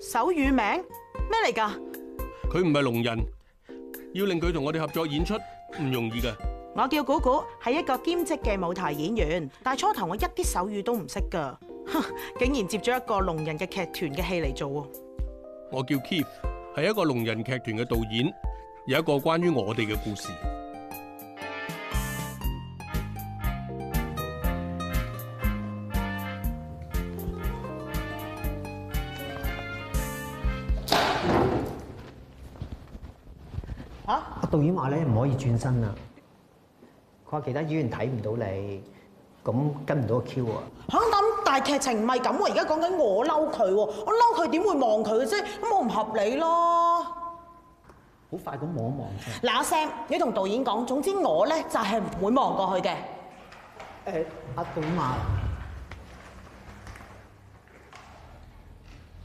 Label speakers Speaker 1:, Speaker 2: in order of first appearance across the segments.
Speaker 1: 手語名咩嚟噶？
Speaker 2: 佢唔係聾人，要令佢同我哋合作演出唔容易噶。
Speaker 1: 我叫古古，係一個兼職嘅舞台演員，但係初頭我一啲手語都唔識噶。竟然接咗一個聾人嘅劇團嘅戲嚟做，
Speaker 2: 我叫 Keith 係一個聾人劇團嘅導演，有一個關於我哋嘅故事。
Speaker 3: 啊！阿導演話你唔可以轉身啦，佢話其他演員睇唔到你，咁跟唔到個
Speaker 1: Q 啊。但係劇情唔係咁喎，而家講緊我嬲佢喎，我嬲佢點會望佢嘅啫？咁我唔合理咯。好快咁望一望先。嗱，阿 Sam，你同導演講，總之我咧就係唔會望過去嘅。誒，阿董馬，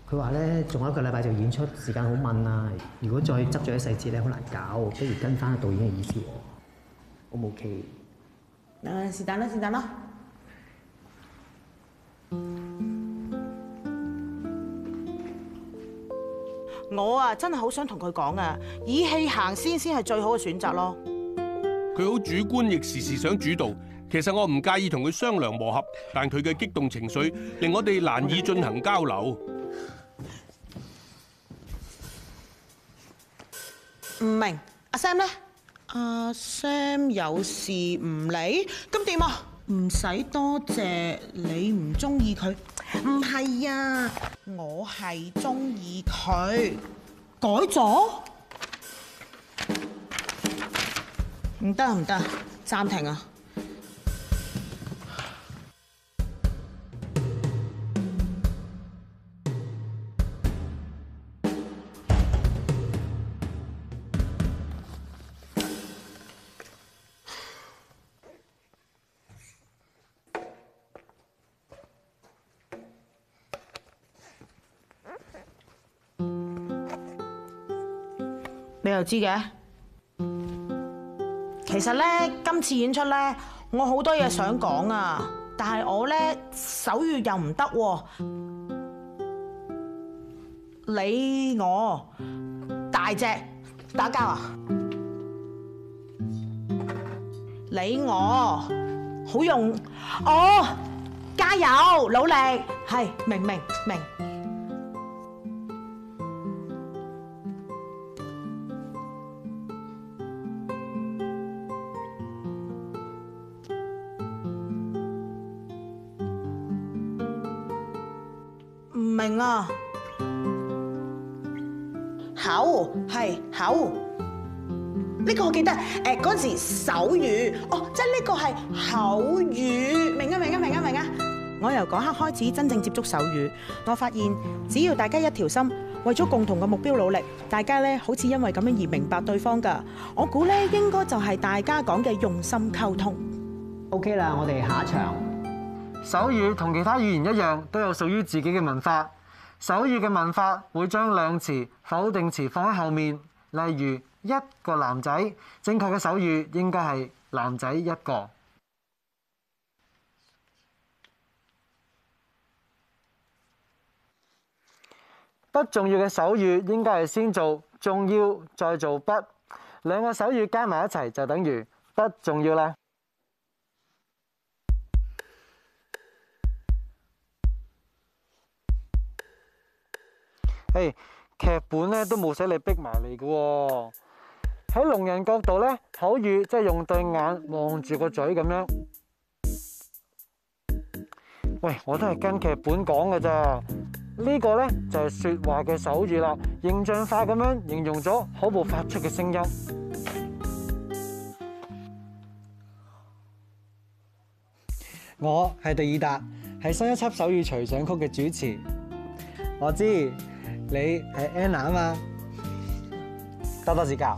Speaker 3: 佢話咧，仲有一個禮拜就演出，時間好問啊。如果再執咗啲細節咧，好難搞，不如跟翻個導演嘅意思喎。O 唔 OK？誒，
Speaker 1: 是但啦，是但啦。我啊，真係好想同佢講啊，以氣行先先係最好嘅選擇咯。
Speaker 2: 佢好主觀，亦時時想主導。其實我唔介意同佢商量磨合，但佢嘅激動情緒令我哋難以進行交流。
Speaker 1: 唔明，阿 Sam 呢？阿、uh, Sam 有事唔理？咁點啊？唔使多謝，你唔中意佢。唔係啊，我係中意佢，改咗，唔得唔得，暫停啊！你又知嘅？其實咧，今次演出咧，我好多嘢想講啊，但係我咧手語又唔得喎。你我，大隻打交啊！你我，好用哦！加油，努力，係明明明。明啊，口係口，呢個我記得誒，嗰陣時手語哦，即係呢個係口語，明啊明啊明啊明啊！我由嗰刻開始真正接觸手語，我發現只要大家一條心，為咗共同嘅目標努力，大家呢好似因為咁樣而明白對方㗎，我估呢應該就係大家講嘅用心溝通。
Speaker 3: OK 啦，我哋下一場。手語同其他語言一樣，都有屬於自己嘅文法。手語嘅文法會將兩詞否定詞放喺後面，例如一個男仔，正確嘅手語應該係男仔一個。不重要嘅手語應該係先做重要，再做不。兩個手語加埋一齊就等於不重要啦。誒，劇本咧都冇使你逼埋嚟嘅喎。喺聾人角度咧，口語即係用對眼望住個嘴咁樣。喂，我都係跟劇本講㗎咋。呢個咧就係說話嘅手語啦，形象化咁樣形容咗口部發出嘅聲音。我係狄易達，係新一輯手語隨想曲嘅主持。我知。你係 Anna 啊嘛，多多指教。